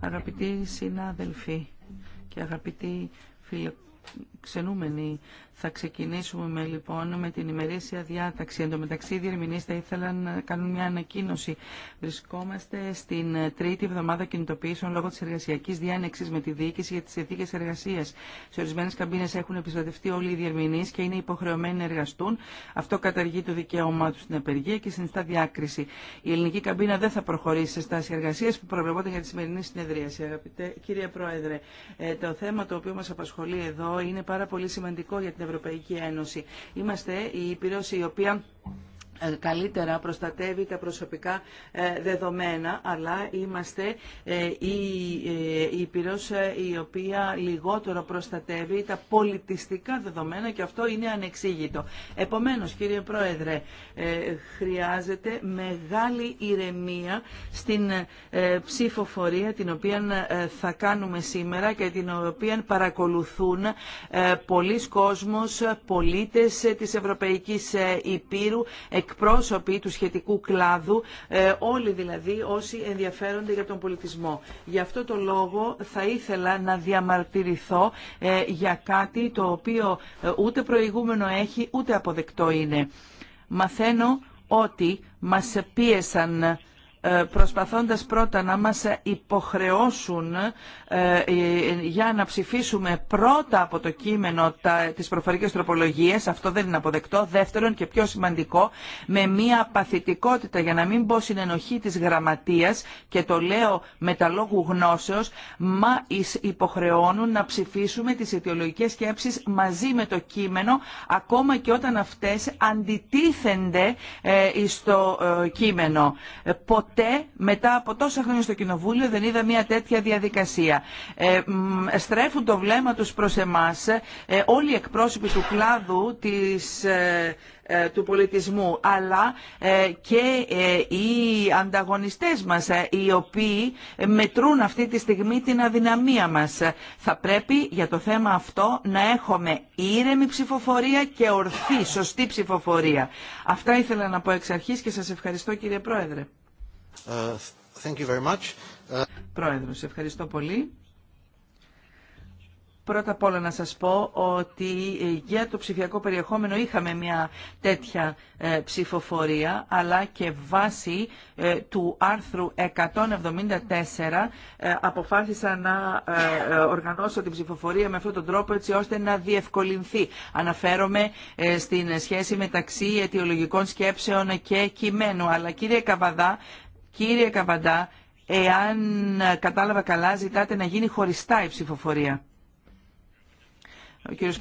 Αγαπητοί συνάδελφοι και αγαπητοί φίλοι ξενούμενοι. Θα ξεκινήσουμε λοιπόν με την ημερήσια διάταξη. Εν τω μεταξύ, οι διερμηνείς θα ήθελαν να κάνουν μια ανακοίνωση. Βρισκόμαστε στην τρίτη εβδομάδα κινητοποιήσεων λόγω τη εργασιακή διάνεξη με τη διοίκηση για τι συνθήκε εργασία. Σε ορισμένε καμπίνε έχουν επιστρατευτεί όλοι οι διερμηνείς και είναι υποχρεωμένοι να εργαστούν. Αυτό καταργεί το δικαίωμά του στην απεργία και συνιστά διάκριση. Η ελληνική καμπίνα δεν θα προχωρήσει σε στάση εργασία που προβλεπόταν για τη σημερινή συνεδρίαση. Αγαπητέ κύριε Πρόεδρε, ε, το θέμα το οποίο μα απασχολεί εδώ είναι πάρα πολύ σημαντικό για την Ευρωπαϊκή Ένωση. Είμαστε η Ήπειρος η οποία ε, καλύτερα προστατεύει τα προσωπικά ε, δεδομένα, αλλά είμαστε ε, η, η η οποία λιγότερο προστατεύει τα πολιτιστικά δεδομένα και αυτό είναι ανεξήγητο. Επομένως, κύριε Πρόεδρε, χρειάζεται μεγάλη ηρεμία στην ψηφοφορία την οποία θα κάνουμε σήμερα και την οποία παρακολουθούν πολλοί κόσμος, πολίτες της Ευρωπαϊκής Υπήρου, εκπρόσωποι του σχετικού κλάδου, ε, όλοι δηλαδή όσοι ενδιαφέρονται για τον πολιτισμό. Γι' αυτό το λόγο θα ήθελα να διαμαρτυρηθώ ε, για κάτι το οποίο ε, ούτε προηγούμενο έχει, ούτε αποδεκτό είναι. Μαθαίνω ότι μας πίεσαν ε, προσπαθώντας πρώτα να μας υποχρεώσουν ε, για να ψηφίσουμε πρώτα από το κείμενο τα, τις προφορικές αυτό δεν είναι αποδεκτό. Δεύτερον και πιο σημαντικό, με μια παθητικότητα για να μην πω στην ενοχή της γραμματείας και το λέω με τα λόγου γνώσεως, μα υποχρεώνουν να ψηφίσουμε τις αιτιολογικές σκέψεις μαζί με το κείμενο, ακόμα και όταν αυτές αντιτίθενται στο ε, κείμενο ποτέ μετά από τόσα χρόνια στο Κοινοβούλιο δεν είδα μια τέτοια διαδικασία. Ε, στρέφουν το βλέμμα τους προς εμάς ε, όλοι οι εκπρόσωποι του κλάδου της ε, του πολιτισμού αλλά και οι ανταγωνιστές μας οι οποίοι μετρούν αυτή τη στιγμή την αδυναμία μας. Θα πρέπει για το θέμα αυτό να έχουμε ήρεμη ψηφοφορία και ορθή, σωστή ψηφοφορία. Αυτά ήθελα να πω εξ αρχής και σας ευχαριστώ κύριε Πρόεδρε. Thank you very much. Πρόεδρος, ευχαριστώ πολύ. Πρώτα απ' όλα να σας πω ότι ε, για το ψηφιακό περιεχόμενο είχαμε μια τέτοια ε, ψηφοφορία αλλά και βάσει ε, του άρθρου 174 αποφάσισα να οργανώσω την ψηφοφορία με αυτόν τον τρόπο έτσι ώστε να διευκολυνθεί. Αναφέρομαι στην σχέση μεταξύ αιτιολογικών σκέψεων και κειμένου αλλά κύριε Καβαδά Κύριε Καβαντά, εάν κατάλαβα καλά, ζητάτε να γίνει χωριστά η ψηφοφορία ο κύριος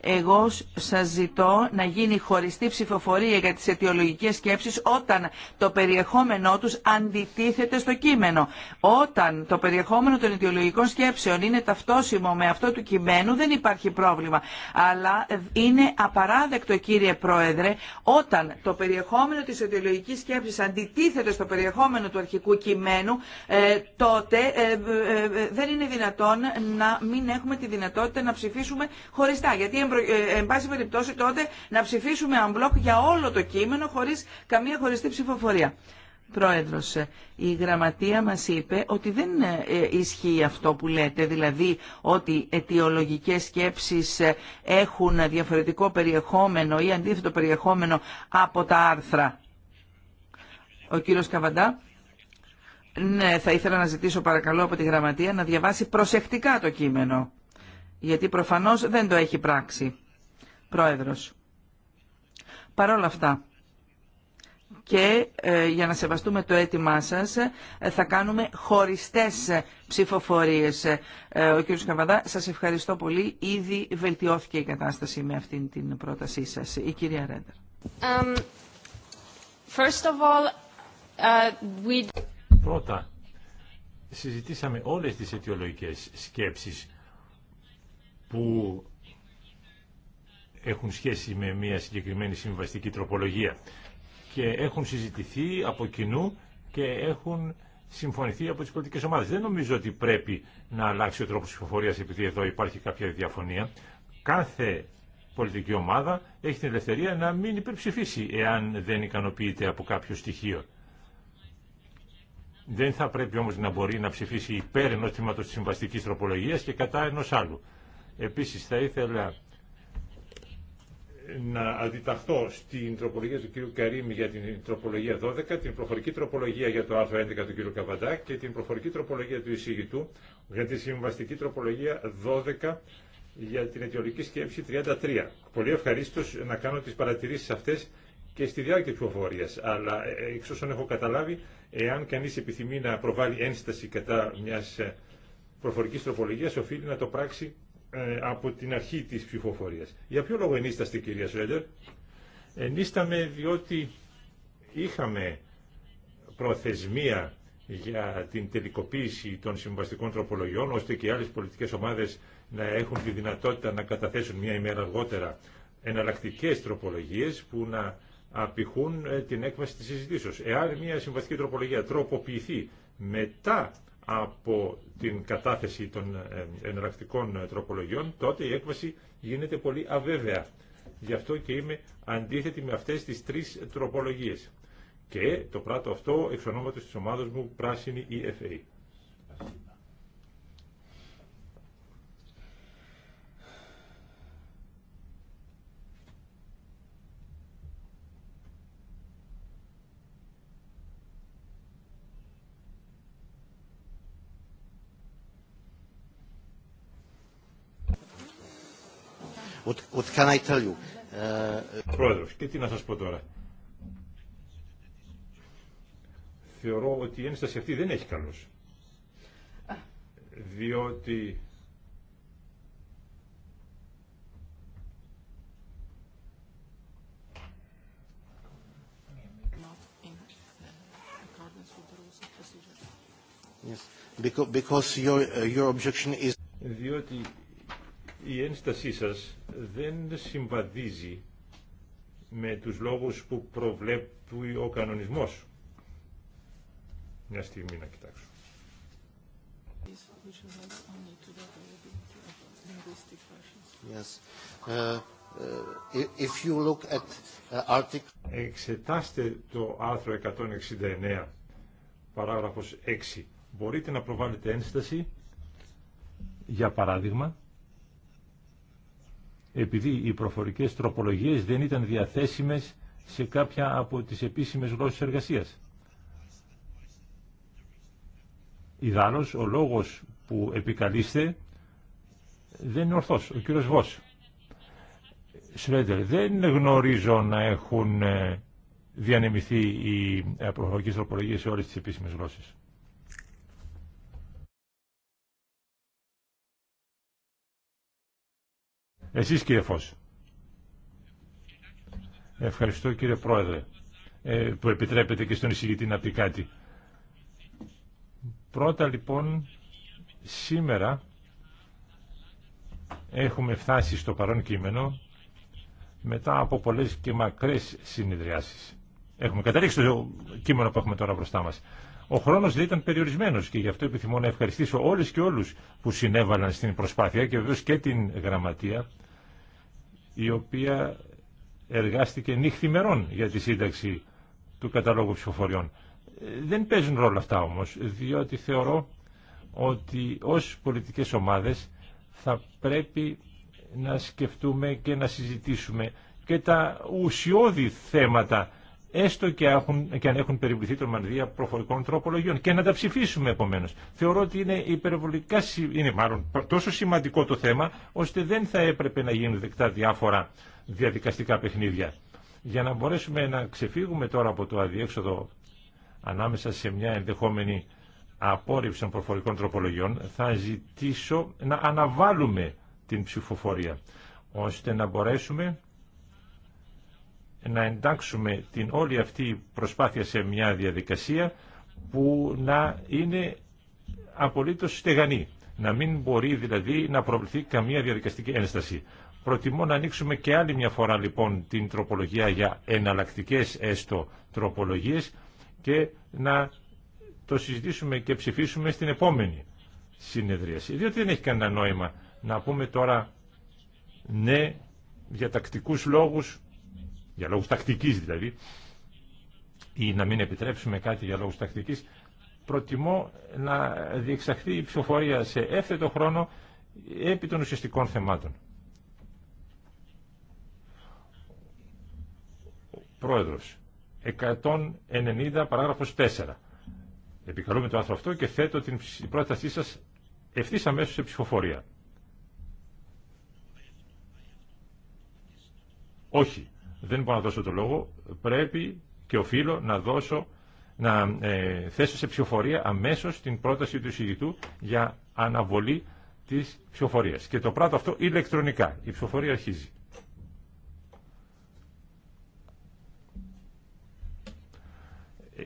εγώ σας ζητώ να γίνει χωριστή ψηφοφορία για τις αιτιολογικές σκέψεις όταν το περιεχόμενό τους αντιτίθεται στο κείμενο. Όταν το περιεχόμενο των αιτιολογικών σκέψεων είναι ταυτόσιμο με αυτό του κειμένου δεν υπάρχει πρόβλημα. Αλλά είναι απαράδεκτο κύριε Πρόεδρε όταν το περιεχόμενο της αιτιολογικής σκέψης αντιτίθεται στο περιεχόμενο του αρχικού κειμένου ε, τότε ε, ε, δεν είναι δυνατόν να μην έχουμε τη δυνατότητα να ψηφίσουμε χωριστά. Γιατί, ε, εν πάση περιπτώσει, τότε να ψηφίσουμε unblock για όλο το κείμενο χωρίς καμία χωριστή ψηφοφορία. Πρόεδρος, ε, η γραμματεία μας είπε ότι δεν ε, ισχύει αυτό που λέτε, δηλαδή ότι αιτιολογικές σκέψεις έχουν διαφορετικό περιεχόμενο ή αντίθετο περιεχόμενο από τα άρθρα. Ο κύριος Καβαντά. Ναι, θα ήθελα να ζητήσω παρακαλώ από τη γραμματεία να διαβάσει προσεκτικά το κείμενο γιατί προφανώς δεν το έχει πράξει. Πρόεδρος. Παρ' όλα αυτά, και ε, για να σεβαστούμε το αίτημά σας ε, θα κάνουμε χωριστές ε, ψηφοφορίες. ο κ. Καβαδά, σας ευχαριστώ πολύ. Ήδη βελτιώθηκε η κατάσταση με αυτήν την πρότασή σας. Η κυρία Ρέντερ. Um, uh, Πρώτα, συζητήσαμε όλες τις αιτιολογικές σκέψεις που έχουν σχέση με μια συγκεκριμένη συμβαστική τροπολογία και έχουν συζητηθεί από κοινού και έχουν συμφωνηθεί από τις πολιτικές ομάδες. Δεν νομίζω ότι πρέπει να αλλάξει ο τρόπος ψηφοφορίας επειδή εδώ υπάρχει κάποια διαφωνία. Κάθε πολιτική ομάδα έχει την ελευθερία να μην υπερψηφίσει εάν δεν ικανοποιείται από κάποιο στοιχείο. Δεν θα πρέπει όμως να μπορεί να ψηφίσει υπέρ ενός τμήματος της συμβαστικής τροπολογίας και κατά ενός άλλου. Επίσης θα ήθελα να αντιταχθώ στην τροπολογία του κ. Καρύμ για την τροπολογία 12, την προφορική τροπολογία για το άρθρο 11 του κ. Καβαντά και την προφορική τροπολογία του εισηγητού για τη συμβαστική τροπολογία 12 για την αιτιολογική σκέψη 33. Πολύ ευχαρίστω να κάνω τι παρατηρήσει αυτέ και στη διάρκεια τη προφορία. Αλλά ε, ε, εξ όσων έχω καταλάβει, εάν κανεί επιθυμεί να προβάλλει ένσταση κατά μια ε, προφορική τροπολογία, οφείλει να το πράξει ε, από την αρχή της ψηφοφορίας. Για ποιο λόγο ενίσταστε κυρία Σρέντερ. Ενίσταμε διότι είχαμε προθεσμία για την τελικοποίηση των συμβαστικών τροπολογιών, ώστε και οι άλλες πολιτικές ομάδες να έχουν τη δυνατότητα να καταθέσουν μια ημέρα αργότερα εναλλακτικέ τροπολογίες που να απηχούν ε, την έκβαση της συζητήσεως. Εάν μια συμβαστική τροπολογία τροποποιηθεί μετά από την κατάθεση των ε, εναλλακτικών ε, τροπολογιών, τότε η έκβαση γίνεται πολύ αβέβαια. Γι' αυτό και είμαι αντίθετη με αυτές τις τρεις τροπολογίες. Και το πρώτο αυτό εξ ονόματος της ομάδας μου Πράσινη EFA. What, what can I tell you? Uh, Πρόεδρος, και τι να σας πω τώρα. Θεωρώ ότι η ένσταση αυτή δεν έχει καλός. Διότι Because your, uh, your objection is... Διότι η ένστασή σας δεν συμβαδίζει με τους λόγους που προβλέπει ο κανονισμός. Μια στιγμή να κοιτάξω. Yes. Uh, uh, if you look at uh, Εξετάστε το άρθρο 169, παράγραφος 6. Μπορείτε να προβάλλετε ένσταση, για παράδειγμα, επειδή οι προφορικές τροπολογίες δεν ήταν διαθέσιμες σε κάποια από τις επίσημες γλώσσες εργασίας. Ιδάλλως, ο λόγος που επικαλείστε δεν είναι ορθός. Ο κύριος Βος. Σρέντερ, δεν γνωρίζω να έχουν ε, διανεμηθεί οι ε, προφορικές τροπολογίες σε όλες τις επίσημες γλώσσες. Εσείς κύριε Φως. Ευχαριστώ κύριε Πρόεδρε ε, που επιτρέπετε και στον εισηγητή να πει κάτι. Πρώτα λοιπόν σήμερα έχουμε φτάσει στο παρόν κείμενο μετά από πολλές και μακρές συνεδριάσεις. Έχουμε καταλήξει το κείμενο που έχουμε τώρα μπροστά μας. Ο χρόνος δεν ήταν περιορισμένος και γι' αυτό επιθυμώ να ευχαριστήσω όλες και όλους που συνέβαλαν στην προσπάθεια και βεβαίως και την γραμματεία η οποία εργάστηκε νύχθη για τη σύνταξη του καταλόγου ψηφοφοριών. Ε, δεν παίζουν ρόλο αυτά όμως, διότι θεωρώ ότι ως πολιτικές ομάδες θα πρέπει να σκεφτούμε και να συζητήσουμε και τα ουσιώδη θέματα έστω και, έχουν, αν έχουν περιβληθεί τρομανδία προφορικών τροπολογιών και να τα ψηφίσουμε επομένως. Θεωρώ ότι είναι υπερβολικά, είναι μάλλον τόσο σημαντικό το θέμα, ώστε δεν θα έπρεπε να γίνουν δεκτά διάφορα διαδικαστικά παιχνίδια. Για να μπορέσουμε να ξεφύγουμε τώρα από το αδιέξοδο ανάμεσα σε μια ενδεχόμενη απόρριψη των προφορικών τροπολογιών, θα ζητήσω να αναβάλουμε την ψηφοφορία, ώστε να μπορέσουμε να εντάξουμε την όλη αυτή προσπάθεια σε μια διαδικασία που να είναι απολύτως στεγανή. Να μην μπορεί δηλαδή να προβληθεί καμία διαδικαστική ένσταση. Προτιμώ να ανοίξουμε και άλλη μια φορά λοιπόν την τροπολογία για εναλλακτικέ έστω τροπολογίες και να το συζητήσουμε και ψηφίσουμε στην επόμενη συνεδρίαση. Διότι δεν έχει κανένα νόημα να πούμε τώρα ναι για τακτικούς λόγους για λόγους τακτική δηλαδή, ή να μην επιτρέψουμε κάτι για λόγους τακτική, προτιμώ να διεξαχθεί η ψηφοφορία σε έφθετο χρόνο επί των ουσιαστικών θεμάτων. Πρόεδρος, 190 παράγραφος 4. Επικαλούμε το άρθρο αυτό και θέτω την πρότασή σας ευθύς αμέσως σε ψηφοφορία. Όχι δεν μπορώ να δώσω το λόγο, πρέπει και οφείλω να δώσω να ε, θέσω σε ψηφοφορία αμέσως την πρόταση του εισηγητού για αναβολή της ψηφοφορίας. Και το πράττω αυτό ηλεκτρονικά. Η ψηφοφορία αρχίζει.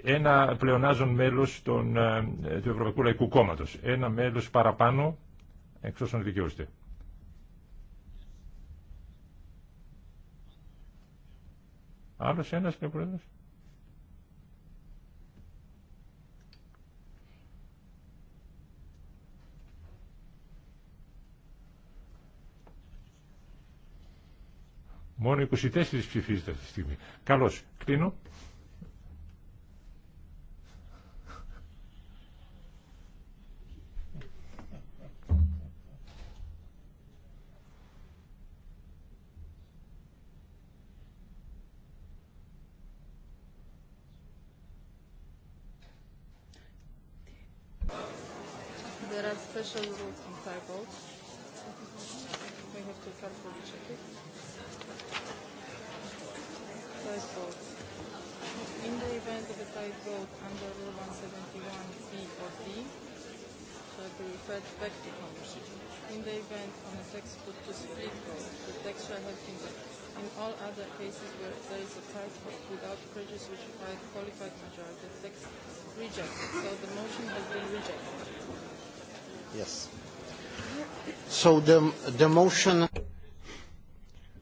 Ένα πλεονάζον μέλος των, ε, του Ευρωπαϊκού Λαϊκού Κόμματος. Ένα μέλος παραπάνω, εξ όσων δικαιούστε. Άλλος ένας κύριε πρόεδρος. Μόνο 24 ψηφίζεται αυτή τη στιγμή. Καλώς. Κλείνω.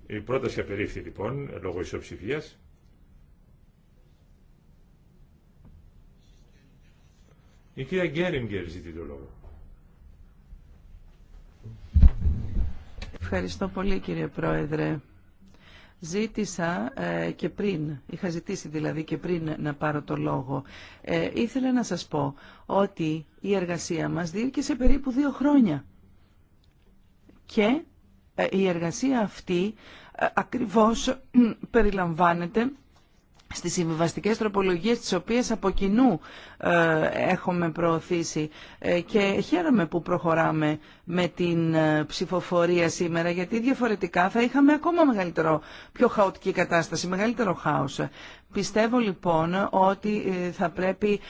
Η πρόταση απερίφθη λοιπόν λόγω ισοψηφία. Η κυρία Γκέριγκερ ζητεί το λόγο. Ευχαριστώ πολύ κύριε Πρόεδρε. Ζήτησα ε, και πριν, είχα ζητήσει δηλαδή και πριν να πάρω το λόγο. Ε, ήθελα να σας πω ότι η εργασία μας σε περίπου δύο χρόνια και ε, η εργασία αυτή ε, ακριβώς περιλαμβάνεται στις συμβιβαστικές τροπολογίες τις οποίες από κοινού ε, έχουμε προωθήσει και χαίρομαι που προχωράμε με την ψηφοφορία σήμερα γιατί διαφορετικά θα είχαμε ακόμα μεγαλύτερο, πιο χαοτική κατάσταση, μεγαλύτερο χάος. Πιστεύω λοιπόν ότι θα πρέπει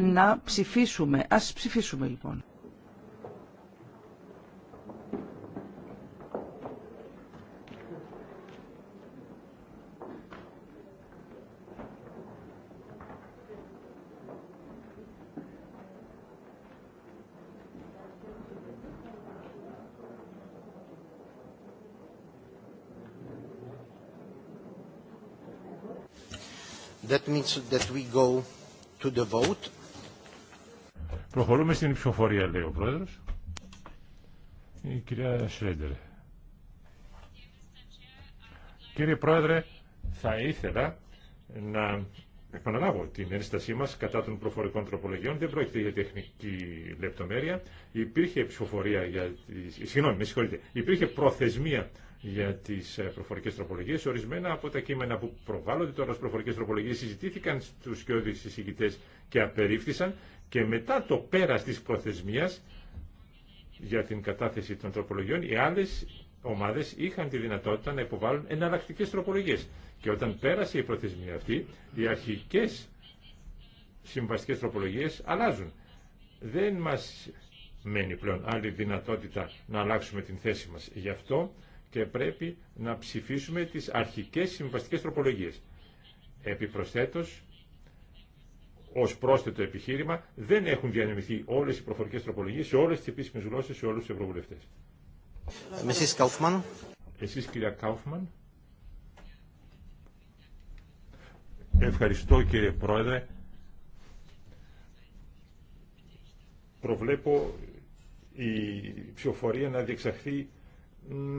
να ψηφίσουμε. Ας ψηφίσουμε λοιπόν. That means that we go to the vote. Προχωρούμε στην ψηφοφορία, λέει ο Πρόεδρος. Η κυρία Σρέντερ. Κύριε Πρόεδρε, θα ήθελα να επαναλάβω την ένστασή μας κατά των προφορικών τροπολογιών. Δεν πρόκειται για τεχνική λεπτομέρεια. Υπήρχε ψηφοφορία για... Συγγνώμη, με συγχωρείτε. Υπήρχε προθεσμία για τι ε, προφορικέ τροπολογίε, Ορισμένα από τα κείμενα που προβάλλονται τώρα στις προφορικές τροπολογίες συζητήθηκαν στους σκιώδεις συζητητές και απερίφθησαν και μετά το πέρα τη προθεσμία για την κατάθεση των τροπολογιών οι άλλε ομάδε είχαν τη δυνατότητα να υποβάλουν εναλλακτικέ τροπολογίε. Και όταν πέρασε η προθεσμία αυτή, οι αρχικέ συμβαστικές τροπολογίε αλλάζουν. Δεν μας μένει πλέον άλλη δυνατότητα να αλλάξουμε την θέση μας. Γι' αυτό και πρέπει να ψηφίσουμε τις αρχικές συμβαστικές τροπολογίες. Επιπροσθέτως, ως πρόσθετο επιχείρημα, δεν έχουν διανεμηθεί όλες οι προφορικές τροπολογίες σε όλες τις επίσημες γλώσσες, σε όλους τους ευρωβουλευτές. Εσείς, Κάουφμαν. κυρία Κάουφμαν. Ευχαριστώ, κύριε Πρόεδρε. Προβλέπω η ψηφοφορία να διεξαχθεί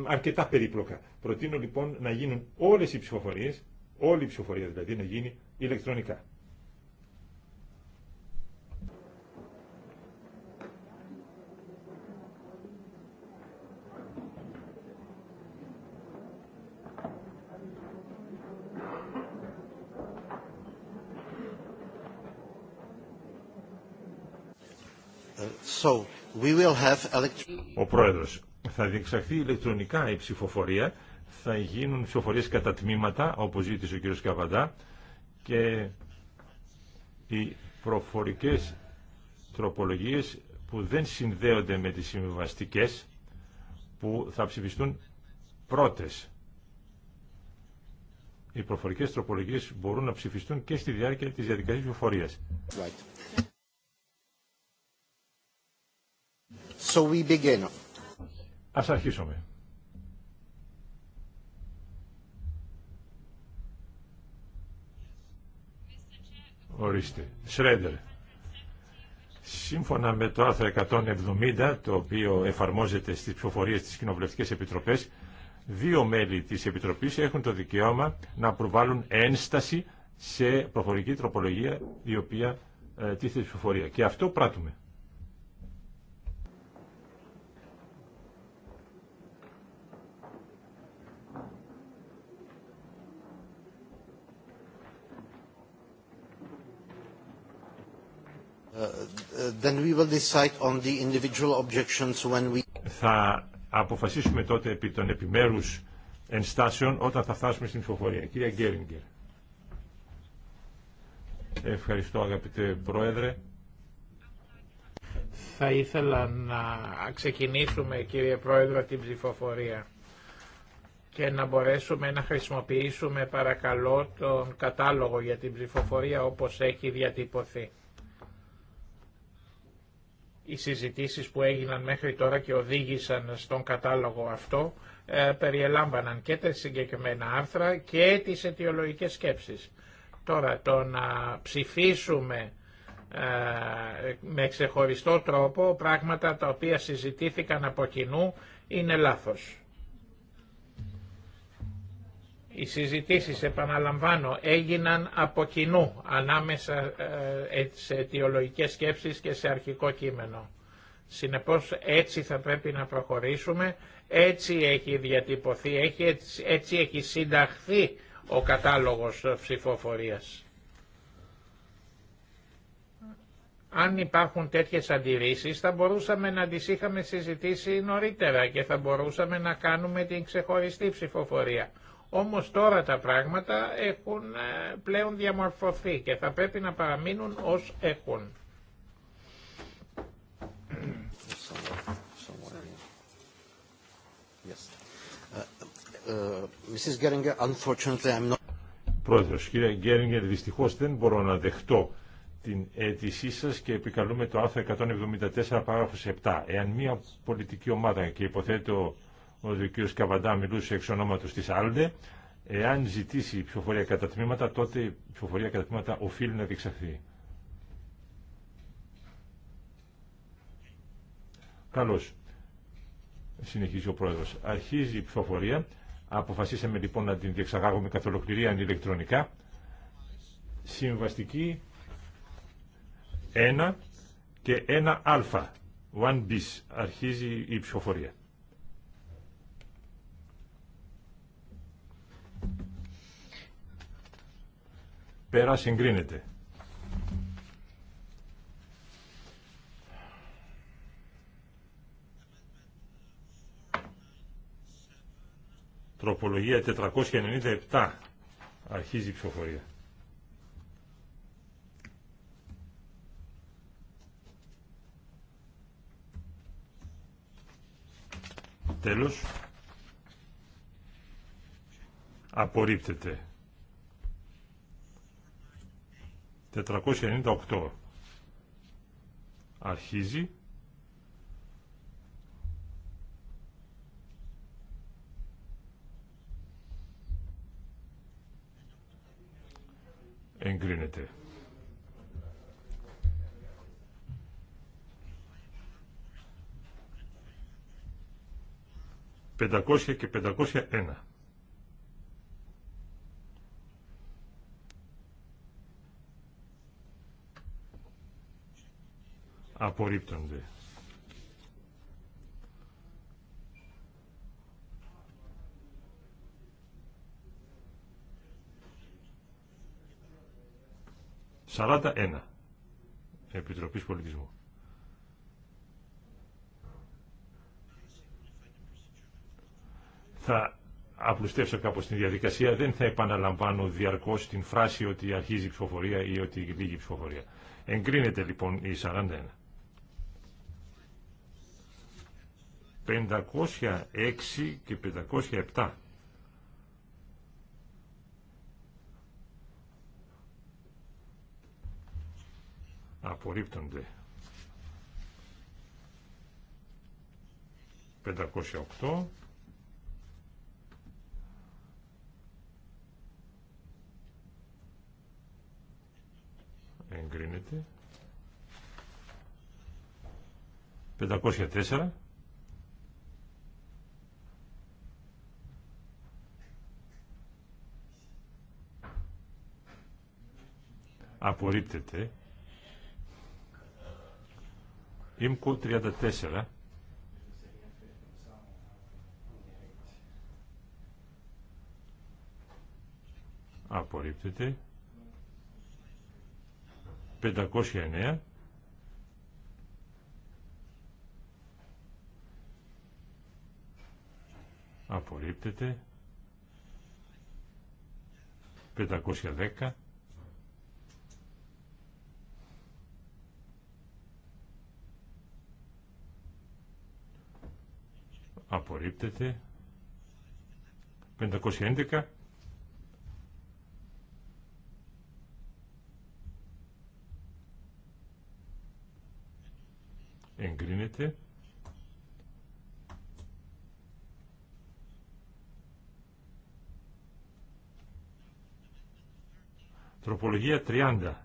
αρκετά περίπλοκα. Προτείνω λοιπόν να γίνουν όλες οι ψηφοφορίες, όλη η ψηφοφορία δηλαδή να γίνει ηλεκτρονικά. Ο πρόεδρος, θα διεξαχθεί ηλεκτρονικά η ψηφοφορία, θα γίνουν ψηφοφορίες κατά τμήματα, όπως ζήτησε ο κ. Καβαντά, και οι προφορικές τροπολογίες που δεν συνδέονται με τις συμβιβαστικέ που θα ψηφιστούν πρώτες. Οι προφορικές τροπολογίες μπορούν να ψηφιστούν και στη διάρκεια της διαδικασίας ψηφοφορίας. Right. So we Ας αρχίσουμε. Ορίστε. Σρέντερ. Σύμφωνα με το άρθρο 170, το οποίο εφαρμόζεται στις ψηφοφορίες της Κοινοβουλευτικής Επιτροπές, δύο μέλη της Επιτροπής έχουν το δικαίωμα να προβάλλουν ένσταση σε προφορική τροπολογία η οποία ε, τίθεται ψηφοφορία. Και αυτό πράττουμε. Θα αποφασίσουμε τότε επί των επιμέρους ενστάσεων όταν θα φτάσουμε στην ψηφοφορία. Κυρία Γκέριγκερ. Ευχαριστώ αγαπητέ Πρόεδρε. Θα ήθελα να ξεκινήσουμε κύριε Πρόεδρε την ψηφοφορία και να μπορέσουμε να χρησιμοποιήσουμε παρακαλώ τον κατάλογο για την ψηφοφορία όπως έχει διατυπωθεί οι συζητήσεις που έγιναν μέχρι τώρα και οδήγησαν στον κατάλογο αυτό ε, περιελάμβαναν και τα συγκεκριμένα άρθρα και τις αιτιολογικές σκέψεις. Τώρα το να ψηφίσουμε ε, με ξεχωριστό τρόπο πράγματα τα οποία συζητήθηκαν από κοινού είναι λάθος. Οι συζητήσεις, επαναλαμβάνω, έγιναν από κοινού ανάμεσα ε, ε, σε αιτιολογικές σκέψεις και σε αρχικό κείμενο. Συνεπώς έτσι θα πρέπει να προχωρήσουμε, έτσι έχει διατυπωθεί, έτσι έχει συνταχθεί ο κατάλογος ψηφοφορίας. Αν υπάρχουν τέτοιες αντιρρήσεις θα μπορούσαμε να τις είχαμε συζητήσει νωρίτερα και θα μπορούσαμε να κάνουμε την ξεχωριστή ψηφοφορία. Όμως τώρα τα πράγματα έχουν ε, πλέον διαμορφωθεί και θα πρέπει να παραμείνουν ως έχουν. Πρόεδρος, κύριε Γκέριγκερ, δυστυχώς δεν μπορώ να δεχτώ την αίτησή σας και επικαλούμε το άρθρο 174 παράγραφος 7. Εάν μια πολιτική ομάδα και υποθέτω ο κ. Καβαντά μιλούσε εξ ονόματο της Άλντε. Εάν ζητήσει η ψηφοφορία κατά τμήματα, τότε η ψηφοφορία κατά τμήματα οφείλει να διεξαχθεί. Καλώ. Συνεχίζει ο πρόεδρος. Αρχίζει η ψηφοφορία. Αποφασίσαμε λοιπόν να την διεξαγάγουμε καθ' ολοκληρία ηλεκτρονικά. Συμβαστική 1 και 1α. 1 bis. Αρχίζει η ψηφοφορία. Πέρα συγκρίνεται. Τροπολογία 497. Αρχίζει η ψηφοφορία. Τέλος. Απορρίπτεται. 498 αρχίζει εγκρίνεται. Πεντακόσια και πεντακόσια ένα. απορρίπτονται. Σαράτα ένα. Επιτροπής Πολιτισμού. Θα απλουστεύσω κάπως την διαδικασία, δεν θα επαναλαμβάνω διαρκώς την φράση ότι αρχίζει η ψηφοφορία ή ότι λύγει η ψηφοφορία. Εγκρίνεται λοιπόν η 41. 506 και 507. Απορρίπτονται. 508. Εγκρίνεται. 504. απορρίπτεται. Ήμκο 34. Απορρίπτεται. 509. Απορρίπτεται. 510. απορρίπτεται. 511 εγκρίνεται. Τροπολογία 30.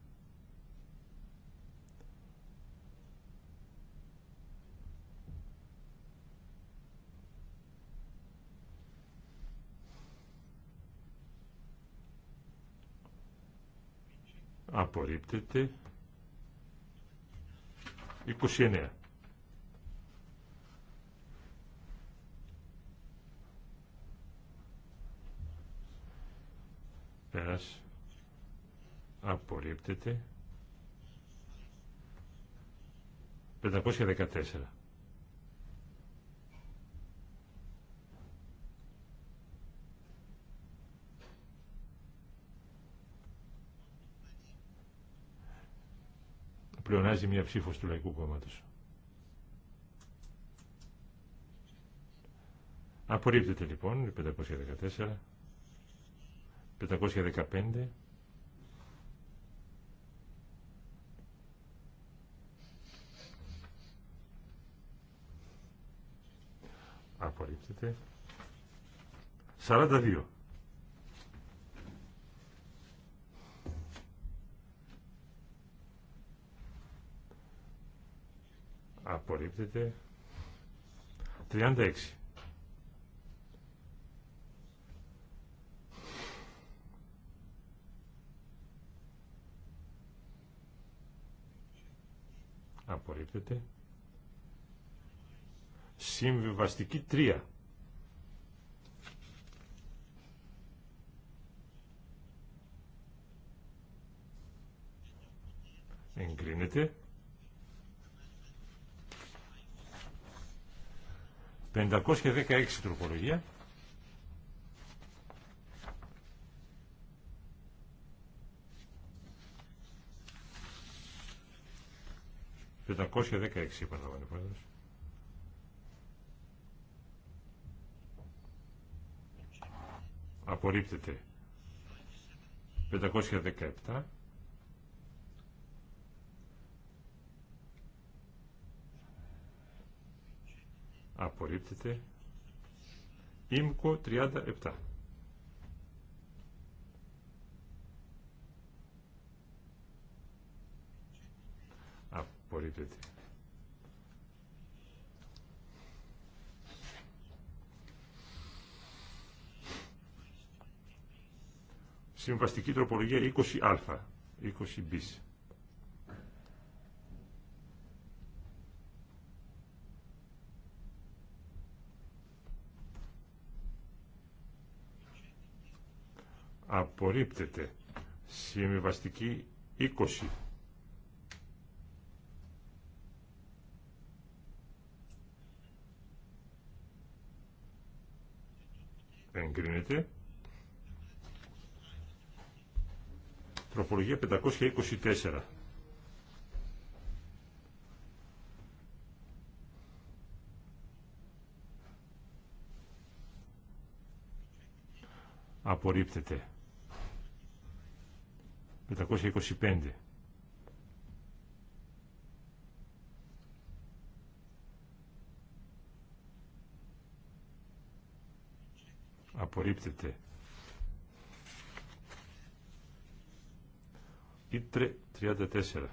απορρίπτεται 29 πέρας απορρίπτεται 514 πλεονάζει μια ψήφος του Λαϊκού Κόμματος. Απορρίπτεται λοιπόν 514, 515, Απορρίπτεται. 42. απορρίπτεται 36 απορρίπτεται συμβιβαστική 3 εγκρίνεται 516 τροπολογία. 516 δεκαέξι επαναλαμβάνει ο Απορρίπτεται. 517 απορρίπτεται. Ήμκο 37. Απορρίπτεται. Συμβαστική τροπολογία 20α, 20 bis. απορρίπτεται. Συμβιβαστική 20. Εγκρίνεται. Τροπολογία 524. Απορρίπτεται. 425. Απορρίπτεται. Ήτρε 34.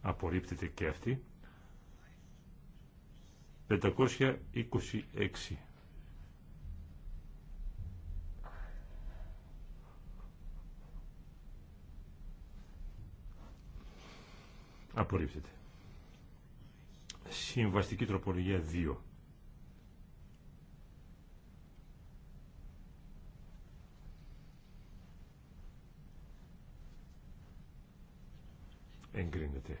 Απορρίπτεται και αυτή. 526. Απορρίπτεται. Συμβαστική τροπολογία 2. Εγκρίνεται.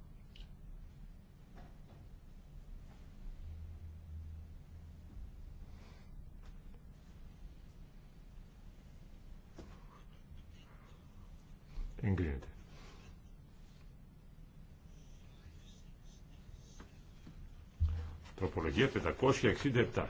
εγκρίνεται. Τροπολογία 567.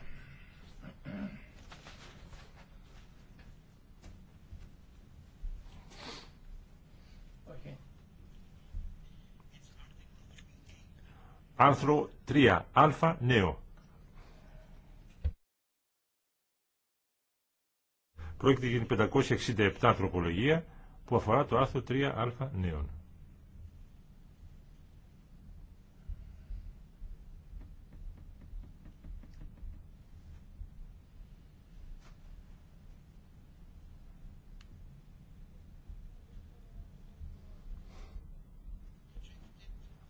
Άρθρο 3. Α νέο. Πρόκειται για την 567 τροπολογία που αφορά το άρθρο 3α νέων.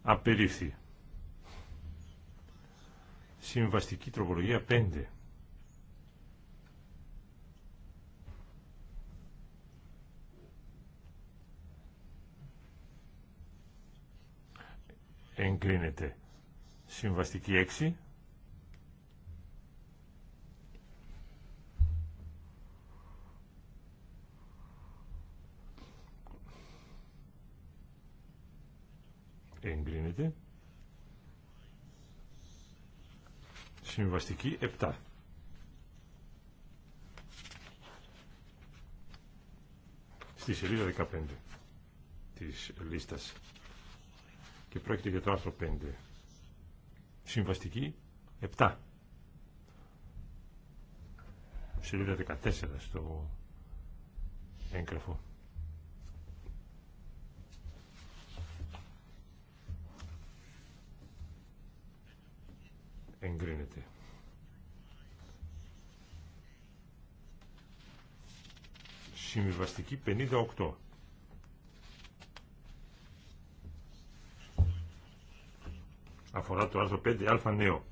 Απερίφθη. Συμβαστική τροπολογία 5. εγκρίνεται. Συμβαστική 6. Εγκρίνεται. Συμβαστική 7. Στη σελίδα 15 της λίστας και πρόκειται για το άρθρο 5. Συμβαστική 7. Σελίδα 14 στο έγγραφο. Εγκρίνεται. Συμβαστική 58. αφορά το άρθρο 5α νέο.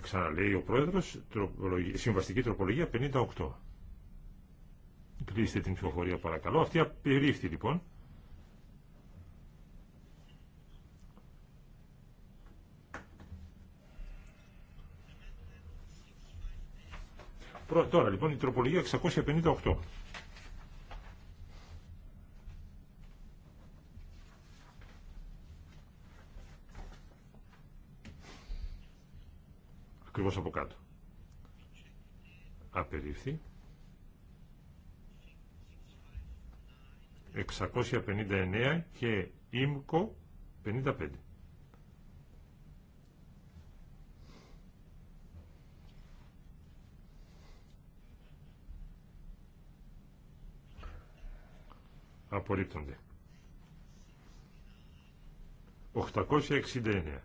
Ξαναλέει ο πρόεδρος, συμβαστική τροπολογία 58. Κλείστε την ψηφοφορία παρακαλώ. Αυτή απερίφθη λοιπόν. Τώρα λοιπόν η τροπολογία 658. Ακριβώς από κάτω. Απερίφθη. 659 και ΙΜΚΟ 55. απορρίπτονται. 869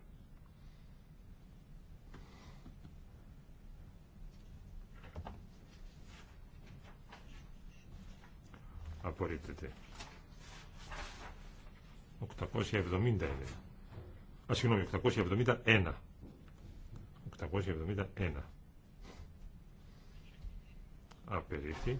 απορρίπτεται. 871. Α, συγγνώμη, 871. 871. Απερίφθη.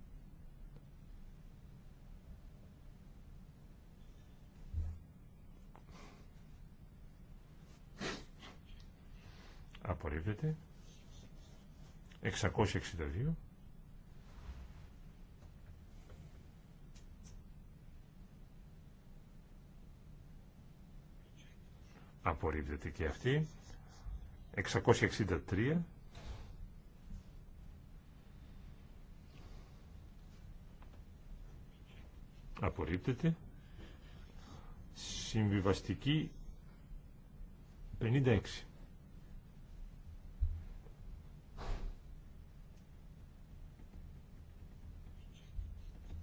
απορρίπτεται 662 απορρίπτεται και αυτή 663 απορρίπτεται συμβιβαστική 56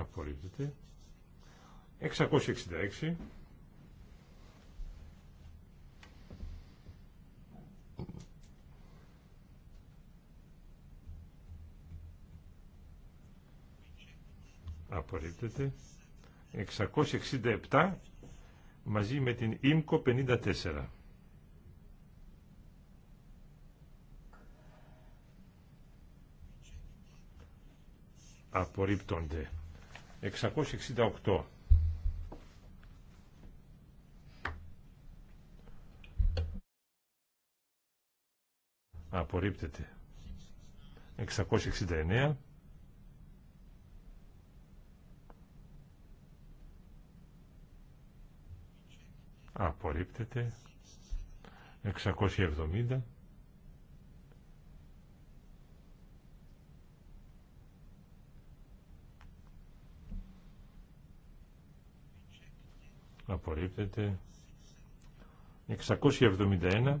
απορρίπτεται 666 απορρίπτεται 667 μαζί με την ΙΜΚΟ 54 απορρίπτονται 668. Απορρίπτεται. 669. Απορρίπτεται. 670. απορρίπτεται 671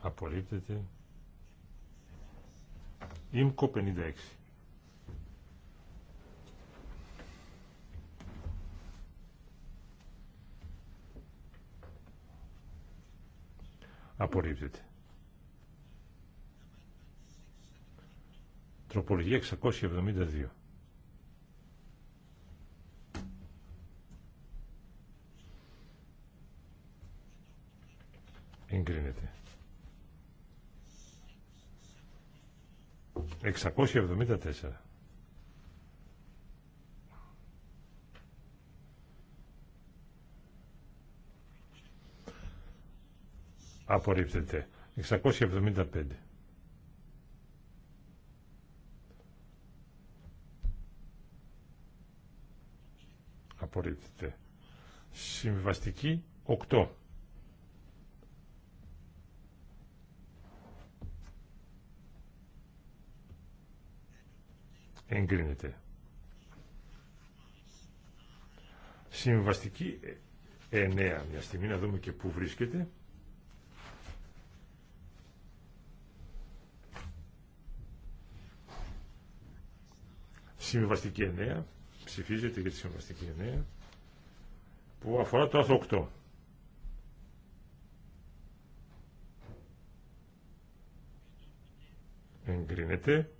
απορρίπτεται ΙΜΚΟ 56 απορρίπτεται Τροπολογία 672. Εγκρίνεται. 674. Απορρίπτεται. 675. απορρίπτεται. Συμβιβαστική 8. Εγκρίνεται. Συμβαστική 9. Μια στιγμή να δούμε και πού βρίσκεται. Συμβαστική 9 ψηφίζεται για τη συμβαστική 9 που αφορά το άρθρο 8. Εγκρίνεται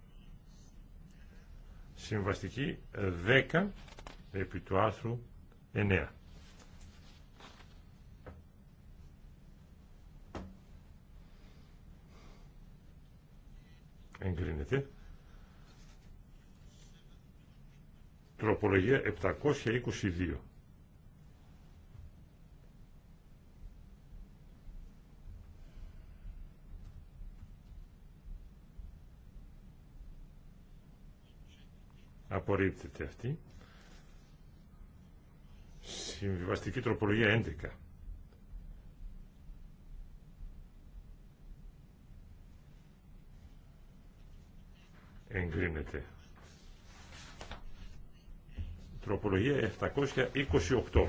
συμβαστική 10 επί του άρθρου 9. Εγκρίνεται. Τροπολογία 722. Απορρίπτεται αυτή. Συμβιβαστική τροπολογία 11. Εγκρίνεται ανθρωπολογία 728.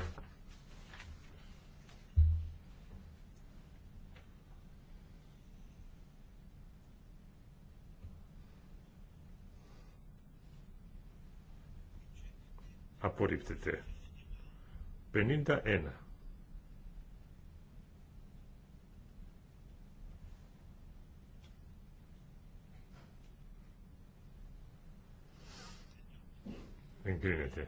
Απορρίπτεται. 51. εγκρίνεται.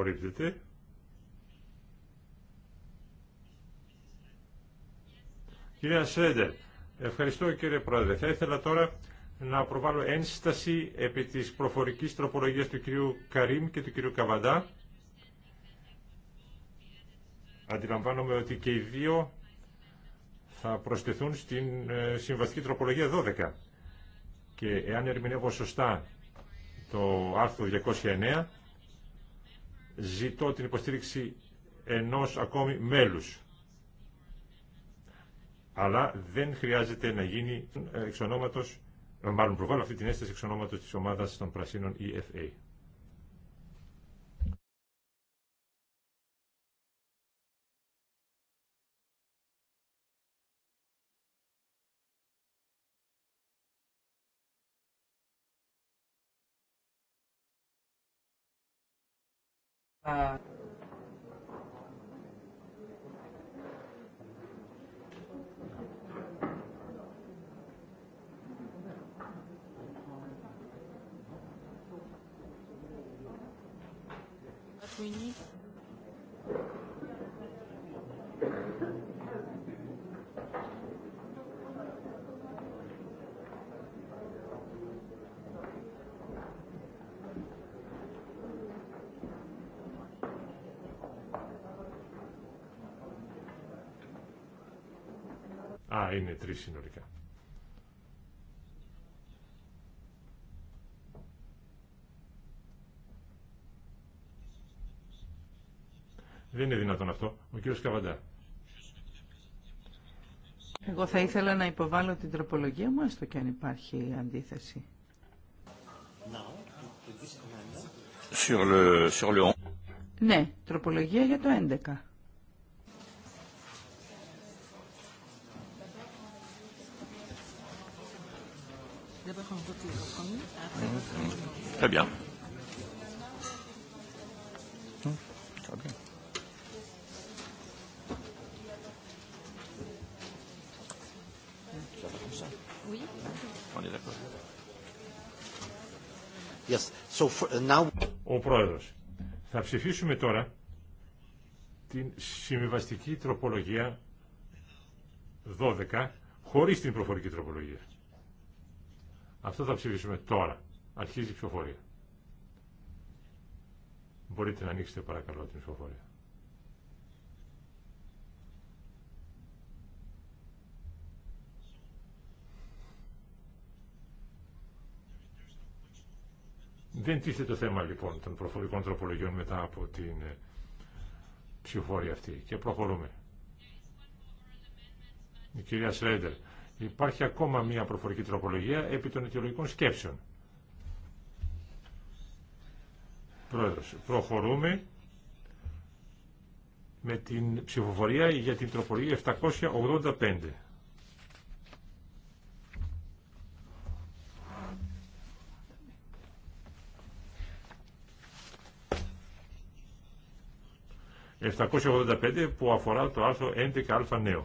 απορρίπτεται. Κυρία Σέντερ, ευχαριστώ κύριε Πρόεδρε. Θα ήθελα τώρα να προβάλλω ένσταση επί της προφορικής τροπολογίας του κυρίου Καρίμ και του κυρίου Καβαντά. Αντιλαμβάνομαι ότι και οι δύο θα προσθεθούν στην ε, συμβαστική τροπολογία 12. Και εάν ερμηνεύω σωστά το άρθρο 209, ζητώ την υποστήριξη ενός ακόμη μέλους. Αλλά δεν χρειάζεται να γίνει εξ ονόματος, μάλλον προβάλλω αυτή την αίσθηση εξ ονόματος της ομάδας των Πρασίνων EFA. we need Α, είναι τρεις συνολικά. Δεν είναι δυνατόν αυτό. Ο κύριος Καβαντά. Εγώ θα ήθελα να υποβάλω την τροπολογία μου, έστω και αν υπάρχει αντίθεση. Ναι, τροπολογία για το 11. Très bien. Uh, Ο Πρόεδρος. Θα ψηφίσουμε τώρα την συμβιβαστική τροπολογία 12 χωρίς την προφορική τροπολογία. Αυτό θα ψηφίσουμε τώρα. Αρχίζει η ψηφοφορία. Μπορείτε να ανοίξετε παρακαλώ την ψηφοφορία. Δεν τίθεται το θέμα λοιπόν των προφορικών τροπολογιών μετά από την ε, ψηφοφορία αυτή και προχωρούμε. Η κυρία Σρέντερ, υπάρχει ακόμα μία προφορική τροπολογία επί των αιτιολογικών σκέψεων. προχωρούμε με την ψηφοφορία για την τροπολογία 785. ...785 που αφορά το άρθρο 11α νέο.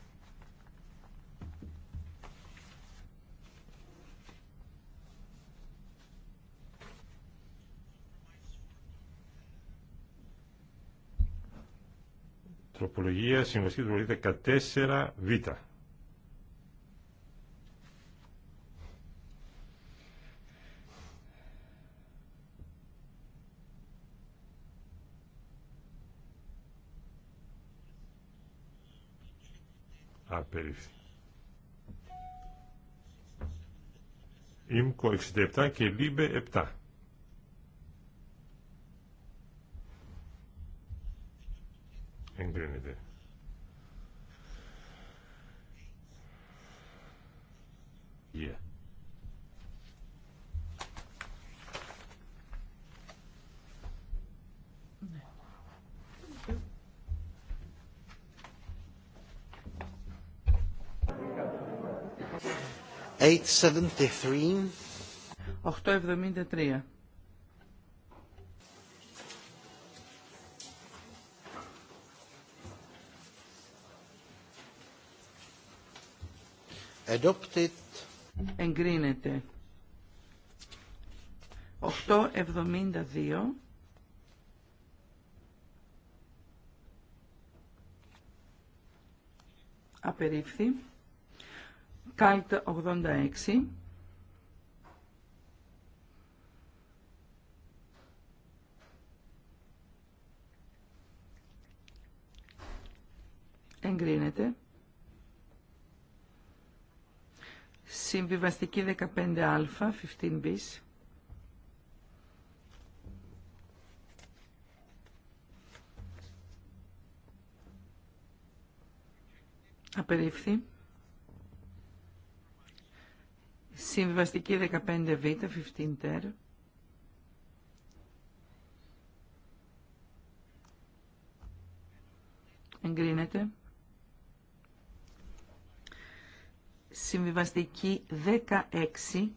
γραμματεια του Συμβαστική Τροπολογία 14Β. Απερίφθη. Ήμκο 67 και Λίμπε 7. εγκρίνεται. οδηγία. Eight seventy three. Adopted εγκρίνεται. 8.72 απερίφθη. Κάλτ 86 εγκρίνεται. Συμβιβαστική 15α, 15 bis. Απερίφθη. Συμβιβαστική 15β, 15 ter. Εγκρίνεται. Συμβιβαστική 16